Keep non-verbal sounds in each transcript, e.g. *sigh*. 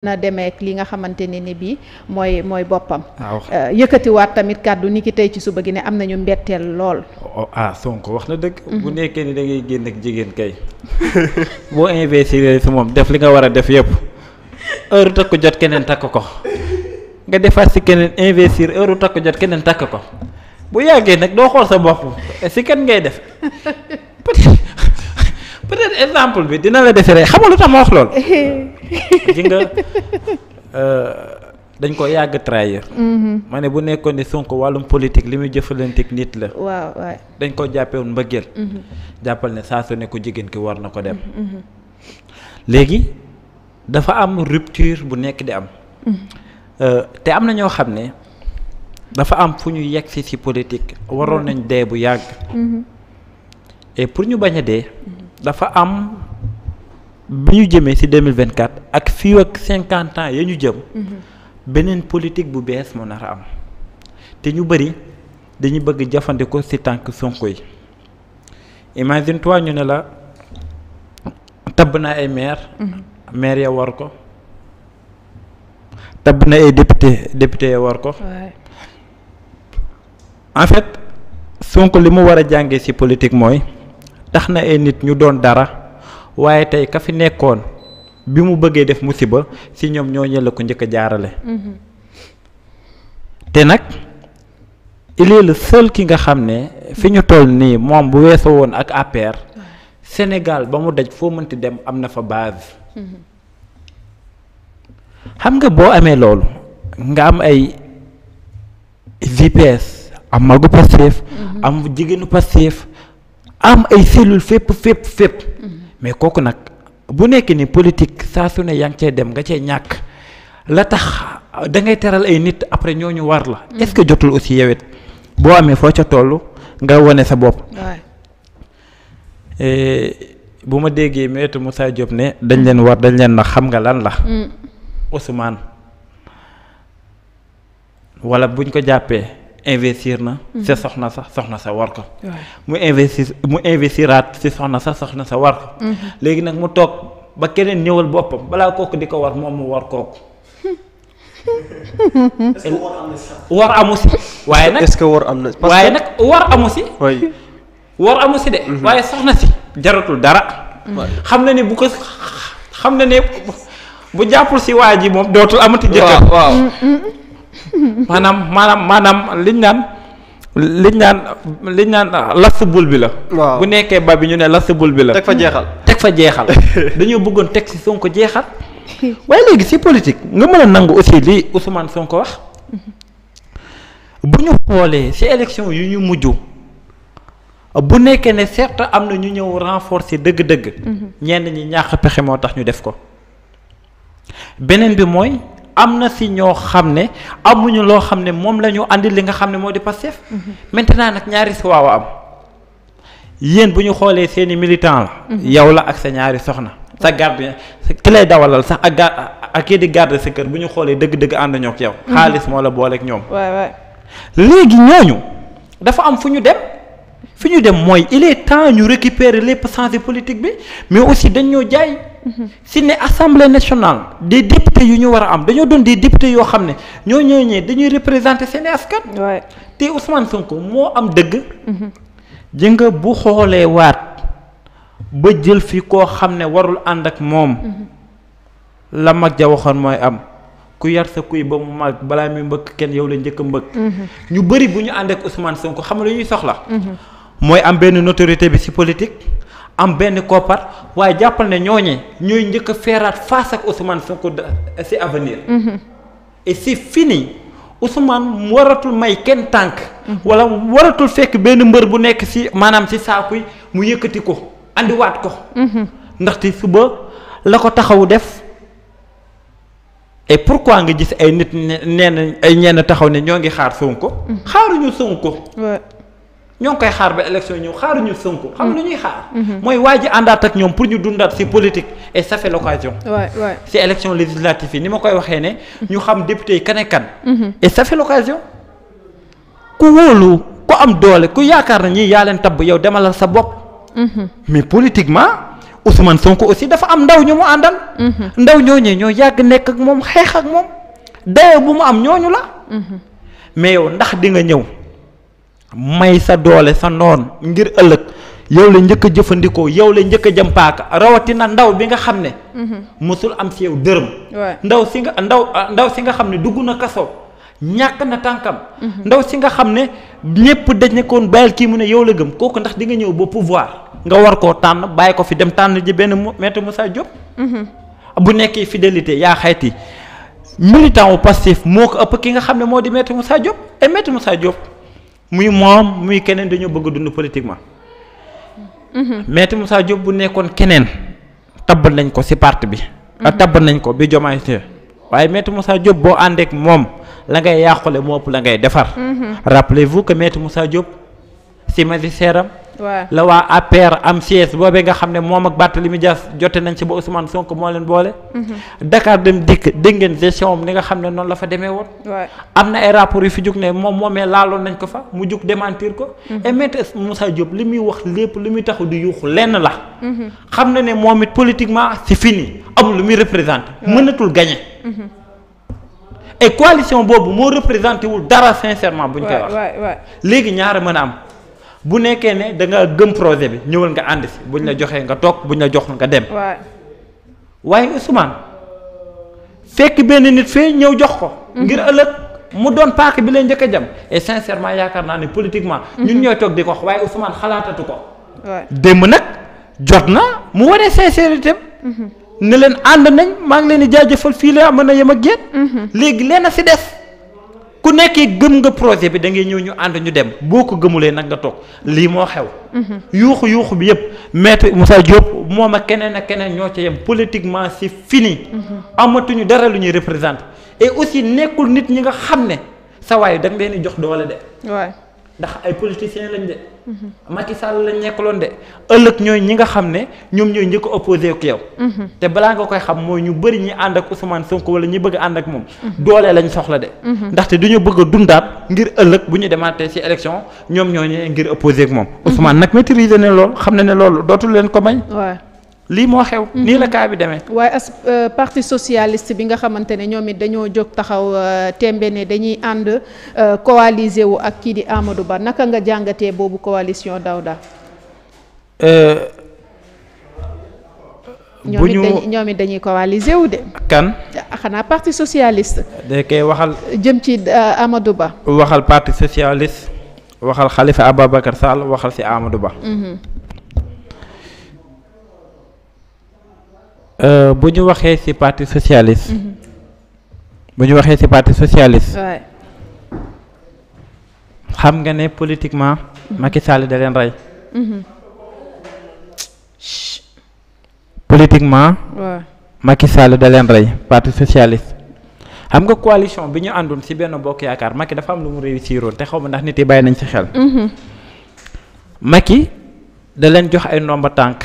na demeek li nga xamante ne ni bii mooy mooy boppam ah, euh, yëkkatiwaat tamit kàddu ni ki tey ci suba gi ne am nañu mbetteel lool oh, a ah, Sonko wax na dëgg mhm. bu nekkee ni da génn ak jigéen kay *laughs* boo investir si moom def li nga war a def yëpp heure takk jot keneen takk ko nga defaat si keneen investir heure takk jot keneen takk ko bu yàggee nag doo xool sa bopp si kenn ngay def *laughs* peut-être peut-être exemple bi dina la desere rey lu tax ma wax lool *laughs* ji nga euh, dañ ko yàgg trahir. Mm-hmm. ma ne bu nekkoon ni Sonko wàllum politique li muy jëfalanteeg nit la. waaw dañ ko jàppewoon mbëggeel. Mm-hmm. jàppal ne saa su ne ko jigéen ki war na ko dem. Mm-hmm, léegi dafa am rupture bu nekk di am. Euh, te am na ñoo xam ne dafa am fu ñu yegg si si politique waroon nañ dee bu yàgg. pour ñu bañ a dee. dafa am bi ñu jëmee ci 2024 ak fii ak cinquante ans ya ñu jëm. Mhm. beneen politique bu bees moo nar am. te ñu bëri dañu bëgg jëfandikoo ci tànk Sonko yi imagine toi ñu ne la tabb na ay maire mhm. maire ya war ko. tab na ay député député ya war ko. en fait Sonko li mu war a jàngee ci politique mooy tax na ay nit ñu doon dara. waaye tey ka fi nekkoon bi mu bëggee def musiba si ñoom ñoo ñëla ko njëkk a jaarale mm-hmm. te nag il est ki nga xam ne fi ñu toll nii moom bu weesoo woon ak APR Sénégal ba mu daj foo mënti dem am na fa base mm-hmm. xam nga boo amee loolu nga am ay GPS am magu Pastef mm-hmm. am jigéenu Pastef am ay cellule fépp fépp fépp mais kooku nag bu nekk ni politique saa su ne yaa ngi cee dem nga cee ñàkk la tax da ngay teral ay nit après ñoo ñu war la. Mm. est-ce que jotul aussi yawet boo amee foo ca toll nga wane sa bopp. Eh, bu ma déggee maître saa Diop ne dañ leen war dañ leen na xam nga lan la. Mm. Ousmane wala buñ ko jàppee. investir na mhm. si soxna sa soxna sa war ko mu investir mu investiraat si soxna sa soxna sa war ko mhm. léegi nag mu toog ba keneen ñëwal boppam balaa kooku di ko war moom mu war kooku *laughs* war amu si waaye nag est-ce waaye nag war amu si war amu si de mhm. waaye soxna si jaratul dara xam na ni bu ko xam na ne bu jàppul si waa ji moom dootul amati jëkkër maanaam maanaam maanaam liñ naan liñ naan liñ naan ah, last bul bi la. bu nekkee ba bi ñu ne last bul bi la. teg fa jeexal teg fa jeexal *laughs* dañoo bëggoon teg si Sonko jeexal. *laughs* waaye léegi si politique nga mën a nangu aussi li Ousmane Sonko wax *laughs* bu ñu xoolee si élection yu ñu mujj bu nekkee ne certes am na ñu ñëw renforcer dëgg-dëgg. Mhm. ñenn ñi ñàkk pexe moo tax ñu def ko beneen bi mooy. am na si ñoo xam ne amuñu loo xam ne moom la ñu li nga xam ne moo di Pastef mhm. maintenant nag ñaari si waaw a am yéen bu ñu xoolee seeni militant la mhm. yow la ak sa ñaari soxna sa garde ki lay dawalal sax ak gar ak kii di garde sa kër bu ñu xoolee dëgg-dëgg ànd ñoo ak yow mhm. xaalis moo la booleeg ñoom léegi ñooñu dafa am fu ñu dem fi ñu dem mooy il temps ñu récupérer lépp passants politiques bi mais aussi dañ ñoo jaay si ne assemblée nationale des députés yu ñu war a am dañoo doon des députés yoo xam ne ñoo ñooñee dañuy représenter seen askan. te Ousmane Sonko moo am dëgg. jënga mhm. bu xoolee waat ba jël fi koo xam ne warul ànd ak moom. Mhm. la mag ja waxoon mooy am ku yar sa kuy ba mu mag balaa muy mbëkk kenn yow la njëkk a mbëkk. Mhm. ñu bëri bu ñu ànd ak Ousmane Sonko xam lu ñuy soxla. mooy am benn notoriété bi ci politique. am benn koppar waaye jàppal ne ñooñee ñooy njëkk a feeraat face ak Ousmane Sonko ci avenir. fi mhm. c'est fini Ousmane waratul may kenn tànk. Mhm. wala waratul fekk benn mbër bu nekk ci maanaam ci saaku yi mu yëkkati ko andiwaat ko. Mhm. ndaxte suba la ko taxaw def. et pourquoi nga gis ay nit ne ay ñenn taxaw ne ñoo ngi xaar Sonko. xaaruñu Sonko. ñoo ngi koy xaar ba élection ñëw xaaruñu Sonko. xam mm. lu ñuy xaar. Mm-hmm. mooy waa ji àndaat ak ñoom pour ñu dundaat ci politique et ça fait l'occasion. waaw waaw ci élection législative yi ni ma koy waxee ne. ñu mm-hmm. xam député yi kan ak kan. Mm-hmm. et ça fait ku wóolu ku am doole ku yaakaar na ñii yaa leen tabb yow demalal sa bopp. mais politiquement Ousmane sunk aussi dafa am ndaw ñu mu àndal. ndaw ñooñee ñoo yàgg nekk ak moom xeex ak moom dayoo bu mu am ñooñu la. mais yow ndax di nga ñëw. may sa doole sa noon ngir ëllëg yow la njëkk a jëfandikoo yow la njëkk a jëm rawatina ndaw bi nga xam ne. mosul mhm. am si dërëm. ndaw si nga ndaw ah, ndaw si nga xam ne dugg na kaso ñàkk na tànkam. Mhm. ndaw si nga xam ne ñëpp dañ nekkoon bàyyil kii mu ne yow la gëm kooku ndax di nga ñëw ba pouvoir nga war koo tànn bàyyi ko fi dem tànn ji benn maître Moussa Diop. Mhm. bu nekkee fidélité yaa xayti militant wu passif moo ko ëpp ki nga xam ne moo di maître Moussa Diop et maître Moussa Diop. muy moom muy keneen dañoo bëgg a dund politiquement. Mm-hmm. maître Moussa Diop bu nekkoon keneen tabb nañ ko ci parti bi. Mm-hmm. Ah, tabb nañ ko bi Diomaye Faye waaye maître Moussa Diop boo ànd moom la ngay yàqule moo ëpp la ngay defar. Mm-hmm. rappelez-vous que maître Moussa Diop ci magistère am la waa APR am siège boobee nga xam ne moom ak Barthélemy Dias jote nañ ci ba Ousmane Sonko moo leen boole. Mhm. Dakar dem dikk dégg ngeen gestion am ni nga xam ne noonu la fa demee woon. am na ay rapports yu fi jug ne moom moomee laaloon nañ ko fa mu jug démentir ko. Mhm. et maître Moussa Diop li muy wax lépp li muy taxu di yuuxu lenn la. Mhm. xam na ne moom it politiquement c'est fini amul lu muy représenté. mënatul gagner. et coalition boobu moo représenté wul dara sincèrement. buñ koy wax léegi ñaara mën bu nekkee ne da nga gëm projet bi ñëwal nga ànd si buñ la joxee nga toog buñ la joxul nga dem. waaye Ousmane fekk benn nit fee ñëw jox ko. Mhm. ngir ëllëg mu doon paak bi lay njëkk a jam et sincèrement yaakaar naa ne politiquement. Mhm. ñun ñooy toog di ko wax waaye Ousmane xalaatatu ko. démb nag jot na mu waree sincérité mhm. ne leen ànd nañ maa ngi leen di jaajëfal fii la mën a yem ak léegi leen a si des. ku nekkee gën nga projet bi da ngay ñëw ñu ànd ñu dem boo ko gëmulee nag nga toog lii moo xew. Mm-hmm. yuuxu yuuxu bi yëpp maître Moussa Diop moom ak keneen a keneen ñoo ca yem politiquement c'est fini. Mm-hmm. amatuñu dara lu ñuy représenter et aussi nekkul nit ñi nga xam ne sa waay da leen di jox doole de. waay ndax ay politiciens lañ de. Mm-hmm. Macky Sall lañ nekkaloon de ëllëg ñooy ñi nga xam ne ñoom ñooy njëkk opposé ak yow. Mm-hmm. te balaa nga koy xam mooy ñu bëri ñi ànd ak Ousmane Sonko wala ñi bëgg ànd ak moom. Mm-hmm. doole lañ soxla de. ndaxte du ñu bëgg a dundaat ngir ëllëg bu ñu demaatee ci élection ñoom ñoo ñëwee ngir opposé ak moom. Ousmane nag maîtriser ne lool xam na ne loolu dootul leen ko may. lii moo xew. Mhm. nii la kaa bi demee. waaye euh, parti socialiste bi nga xamante ne ñoom it dañoo jóg taxaw euh, tembe ne dañuy ànd euh, coaliser wu ak kii di Amadou Ba naka nga jàngatee boobu coalition Daouda. bu ñu ñoom it dañuy coaliser wu de. kan. Ah, xanaa parti socialiste. da koy waxal. jëm ci Amadou Ba. waxal parti socialiste. waxal Khalifa Ababacar Sall waxal ci Amadou Ba. Mhm. Euh, bu ñu waxee ci parti socialiste. Mm-hmm. bu ñu waxee ci parti socialiste. xam nga ne politiquement. Mm-hmm. Macky Sall da leen rey. Mm-hmm. politiquement. waaw Macky Sall da leen rey socialiste. xam nga coalition bi ñu àndoon ci benn bokk yaakaar maki dafa am lu mu réussiroon te xaw ma ndax nit yi bàyyi nañ ci xel. Macky da leen jox ay ndomba tànk.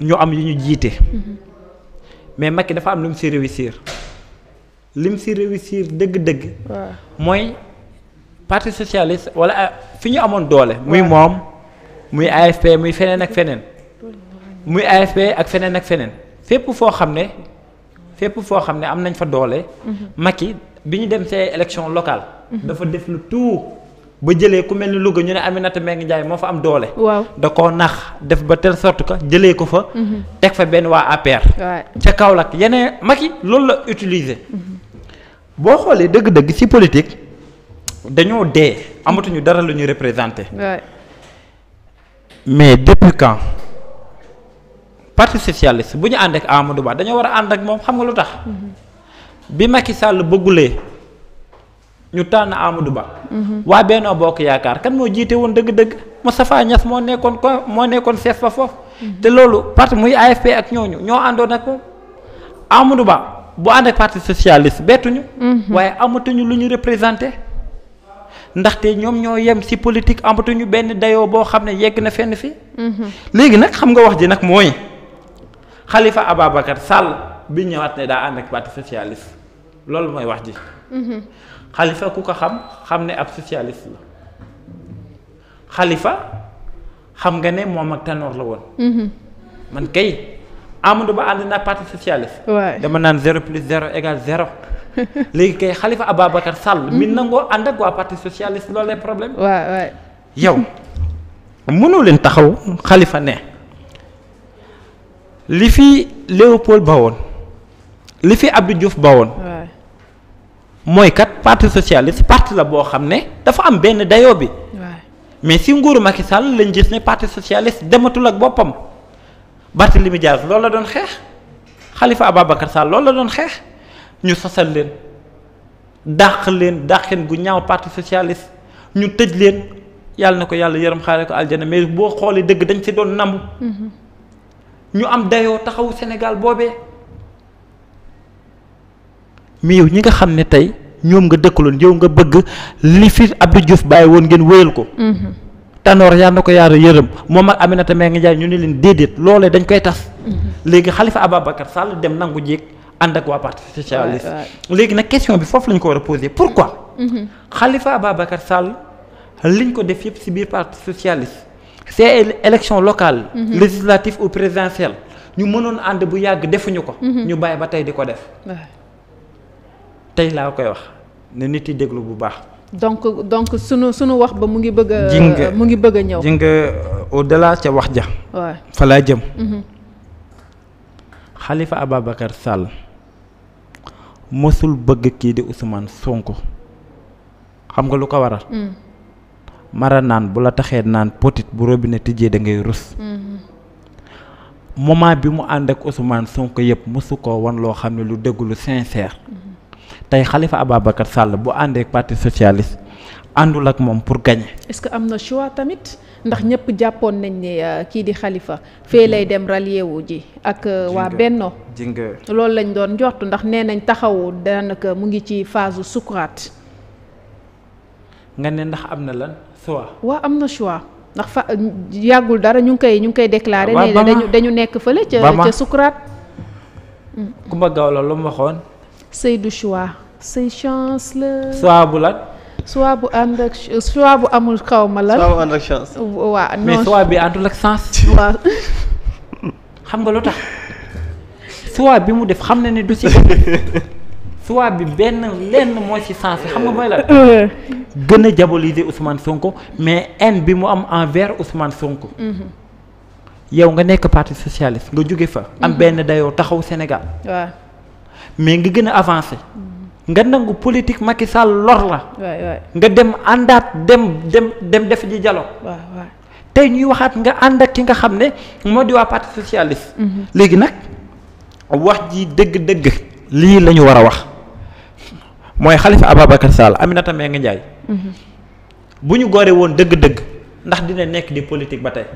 ñu am yu ñu jiite. mais Macky dafa am lu mu si réussir li mu si réussir dëgg-dëgg. mooy parti socialiste wala ah, fi ñu amoon doole. muy moom muy AFP muy feneen ak feneen. muy AFP ak feneen ak feneen fépp foo xam ne fépp foo xam ne am nañ fa doole. Mhm. Macky bi ñu dem see élection locale. Mhm. dafa def lu tout. ba jëlee ku mel ni Louga ñu ne Aminata Mbengue Ndiaye moo fa am doole. waaw da koo nax def ba telle sorte que jëlee ko fa. Mhm. teg fa benn waa APR. ca Kaolack yeneen Macky loolu la utiliser. Mhm. boo xoolee dëgg-dëgg ci politique dañoo dee amatuñu dara lu ñu représenté. mais depuis quand parti socialiste bu ñu àndeek ak Amadou Ba dañoo war a ànd ak moom xam nga lu tax. Mhm. bi Macky sàll bëggulee. ñu tànn Amadou Ba. waa Benno Bokk Yaakaar kan moo jiite woon dëgg-dëgg Moustapha Niass moo nekkoon ko moo nekkoon sees ba foofu. te loolu part muy AFP ak ñooñu ñoo àndoon ak moom Amadou Ba bu ànd ak parti socialiste bettuñu. Mhm. waaye amatuñu lu ñu représenté. ndaxte ñoom ñoo yem ci politique amatuñu benn dayoo boo xam ne yegg na fenn fii. Mhm. léegi nag xam nga wax ji nag mooy xalifa Ababacar Sall bi ñëwaat ne daa ànd ak parti socialiste loolu mooy wax ji. Mhm. xalifa ku ko xam xam ne ab socialiste la xalifa xam nga ne moom ak Tanor la woon. Mhm. man kay Amadou Ba ànd naa parti socialiste. dama naan zéro plus zéro égale zéro. *laughs* léegi kay xalifa Ababacar sàll mi mhm. nangoo ànd ak waa parti socialiste loolu lay problème. yow mënoo leen taxaw xalifa ne li fi Léopold ba woon li fi Abdou Diouf ba woon. mooy kat parti socialiste parti la boo xam ne dafa am benn dayo bi. mais si nguuru Macky Sall lañ gis ne parti socialiste dematul ak boppam Barthélémy Dias loolu la doon xeex Khalifa Ababacar Sall loolu la doon xeex ñu sosal leen dàq leen dàqeen gu ñaaw parti socialiste ñu tëj leen yàlla na ko yàlla yaram xaare ko aljana mais boo xoolee dëgg dañ si doon nambu. Mhm. ñu am dayoo taxawu Sénégal boobee. mais yow ñi nga xam ne tey ñoom nga dëkkaloon yow nga bëgg li fi Abdou Diouf bàyyi woon ngeen wéyal ko. Mhm. Tanor yaa na ko yaaru yërëm moom ak Aminata Mbengue Ndiaye ñu ne leen déedéet loolee dañ koy tas. Mhm. léegi Khalifa Ababacar Sall dem nangu jéeg ànd ak waa parti socialiste. léegi nag question bi foofu lañ ko war a poser pourquoi. xalifa mhm. Ababacar Sall liñ ko def yëpp ci biir parti socialiste. c'est élection locale. législative au présidentielle ñu mënoon ànd bu yàgg defuñu ko. tey laa koy wax ne nit yi déglu bu baax. donc donc sunu sunu wax ba mu ngi bëgg a. mu ngi bëgg a ñëw. jinga euh, au ca wax ja. waaw fa laa jëm. Mm-hmm. Khalifa Ababacar Sall mësul bëgg kii di Ousmane Sonko xam nga lu ko waral. Mm. mara naan bu la taxee naan potit bu robinet tijjee da rus. Mm-hmm. moment bi mu ànd ak Ousmane Sonko yëpp mësu ko wan loo xam ne lu dégg lu sincère. Mm-hmm. tey xalifa Ababacar sàll bu àndee partie parti àndul ak moom pour gagner. est-ce que am na choix tamit ndax ñëpp jàppoon nañ ne euh, kii di xalifa fee lay dem rallier wu ji ak euh, waa Benno jinga loolu lañ doon njort ndax nee nañ taxawu daanaka mu ngi ci phase sukuraat. nga ne ndax am na lan choix. waaw am na choix ndax fa yàggul dara ñu ngi koy ñu ngi koy déclarer. ne dañu nekk fële ca ca sukuraat. Kumba Gawlo lu mu waxoon. sëy du choix sëy chance la. choix bu lan. choix bu amul kaw ma la choix bu mais choix bi àndul ak sens. *laughs* xam nga lu tax. choix bi mu def xam na ne du si. choix bi benn lenn moo ci sens xam nga mooy lan. *laughs* gën a diaboliser Ousmane Sonko mais haine bi mu am envers Ousmane Sonko. Mhm. yow nga nekk parti socialiste nga jóge fa. am mhm. benn dayoo taxaw Sénégal. waaw. mais nga gën a avancé nga nangu politique Macky Sall lor la. nga dem àndaat dem dem dem def ji dialogue. tey ñuy waxaat nga ànd ak ki nga xam ne moo di waa mhm. léegi nag wax ji dëgg-dëgg. lii lañu war a wax mooy Khalifa Ababacar Sall Aminata Mbengue Ndiaye. Mhm. bu ñu gooree woon dëgg-dëgg ndax dina nekk di politique ba tey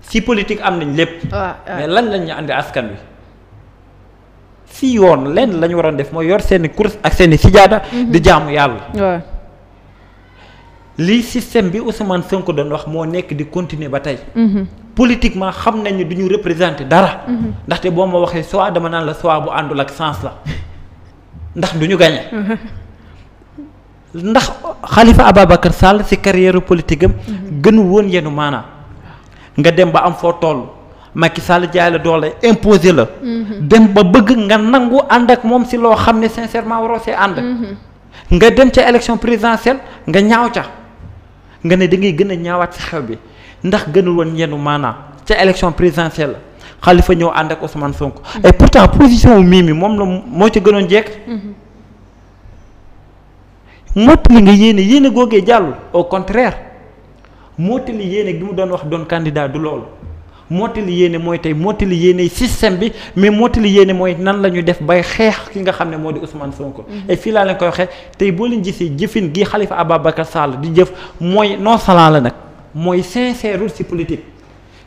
si politique am nañ lépp. mais lan lañ ñu àndi askan wi. si yoon lenn la ñu waroon def mooy yor seeni course ak seeni sijaada mhm. di jaamu yàlla li système bi Ousmane Sonko doon wax moo nekk di continuer ba tey mhm. politiquement xam nañu duñu ñu représenter dara mhm. ndaxte boo ma waxee soit dama naan la soit bu àndul ak sens la *laughs* ndax du ñu *laughs* ndax Khalifa Ababacar Sall ci carrière politique am gënu woon yenu maanaam nga dem ba am foo toll Macky Sall jaay la doole imposé la. Mhm. dem ba bëgg nga nangu ànd ak moom si loo xam ne sincèrement waroo see ànd. Mhm. nga dem ca élection présidentielle nga ñaaw ca nga ne da ngay gën a ñaawaat si xew bi ndax gënul woon yenn maanaam ca élection présidentielle Khalifa ñëw ànd ak Ousmane Sonko. Mhm. et pourtant position mii mi moom la moo ci gënoon jekk. mottali nga yéene yéene googee jàllul au contraire mottali yéene gi mu doon wax doon candidat du loolu. mottali yéene mooy tey mottali yéene système bi mais mottali yéene mooy nan la ñu def bay xeex ki nga xam ne moo di Ousmane Sonko. Mhm. et fii laa leen koy waxee tey boo leen gisee jëfin gi Khalifa Ababacar Sall di jëf mooy nonchalant la nag mooy sincère ci politique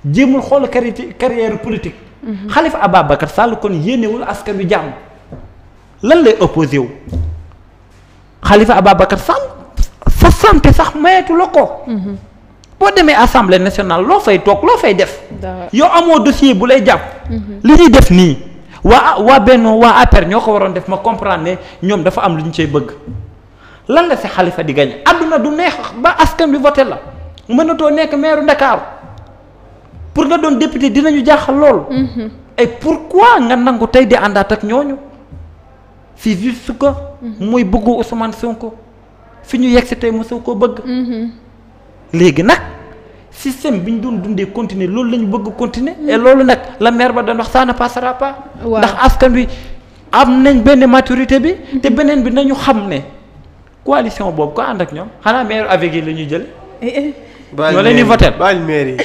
jéemul xool carrière politique. Mhm. Khalifa Ababacar Sall kon yéenewul askan wi jàmm lan lay opposé wu Khalifa Ababacar sa santé sax mayetu ko. Mhm. boo demee assemblée nationale loo fay toog loo fay def. yow amoo dossier bu lay jàpp. Mhm. li ñuy def nii waa waa benn waa APR ñoo ko waroon def ma comprendre ne ñoom dafa am lu ñu cay bëgg lan la si xalifa di gañ àdduna du neex ba askan bi voté la mënatoo nekk maire Ndakaaru pour nga doon député dinañu jaaxal lool. Mhm. et pourquoi nga nangu tey di àndaat ak ñooñu c'est juste que. muy mhm. bëggu Ousmane Sonko fi ñu yegg si tey mosoo koo bëgg. léegi nag. système bi ñu doon dundee continuer loolu la ñu bëgg continuer mm. et loolu nag la maire ba doon wax ça ne ndax askan wi am nañ benn maturité bi mm-hmm. te beneen bi nañu xam ne coalition boobu ko ànd ak ñoom xanaa maire avec yi la ñuy jël ñoo leen di voter baal maire yi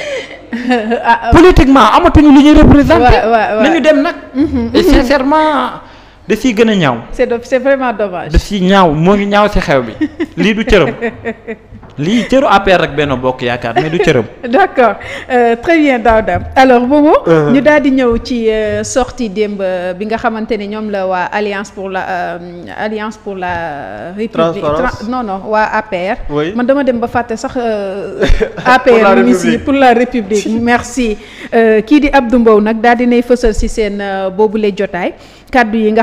*laughs* ah, ah. politiquement amatuñu lu ñuy représenter nañu dem nag mm-hmm. sincèrement daf siy gën a ñaaw. c'est c'est vraiment dommage. daf siy ñaaw moo ngi ñaaw si xew bi lii du cëram lii cëru APR rek benn bokk yaakaar mais du cëram. *laughs* d'accord euh, très bien Daouda alors boobu. ñu daal di ñëw ci euh, sortie démb euh, bi nga xamante ni ñoom la waa alliance pour la euh, alliance pour la. république Trans non waa APR. oui man dama dem ba fàtte sax. *laughs* APR mi si pour la république *laughs* merci kii di ab Mbow nag daal di nay fësal si seen boobu boobule jotaay kàddu yi nga.